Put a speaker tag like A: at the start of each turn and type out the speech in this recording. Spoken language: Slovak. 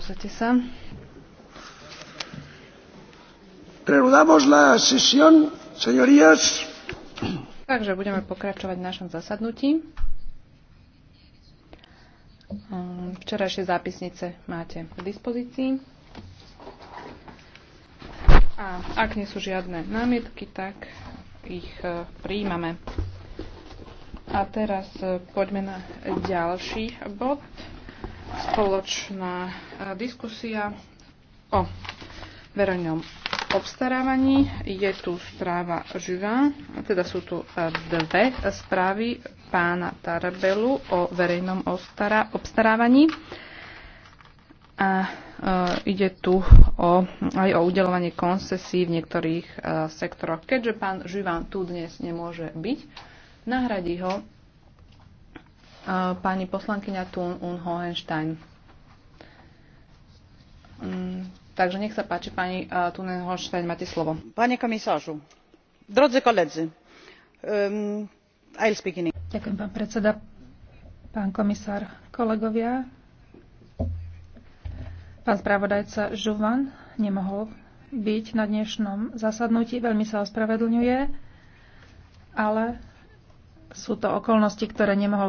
A: sa.
B: la sesión, señorías.
A: Takže budeme pokračovať v našom zasadnutí. Ehm, včerajšie zápisnice máte k dispozícii. A ak nie sú žiadne námietky, tak ich e, príjmame. A teraz e, poďme na ďalší bod spoločná e, diskusia o verejnom obstarávaní. Je tu správa Živá, teda sú tu e, dve správy pána Tarabelu o verejnom obstarávaní. A e, ide tu o, aj o udelovanie koncesí v niektorých sektoroch. Keďže pán živán tu dnes nemôže byť, nahradí ho pani poslankyňa Thun und Hohenstein. Mm, takže nech sa páči, pani Thun und Hohenstein, máte slovo. Pane
C: komisážu, drodzy koledzy, um, I'll speak in Ďakujem, pán predseda, pán komisár, kolegovia.
D: Pán spravodajca Žuvan nemohol byť na dnešnom zasadnutí, veľmi
C: sa ospravedlňuje, ale sú to okolnosti, ktoré nemohol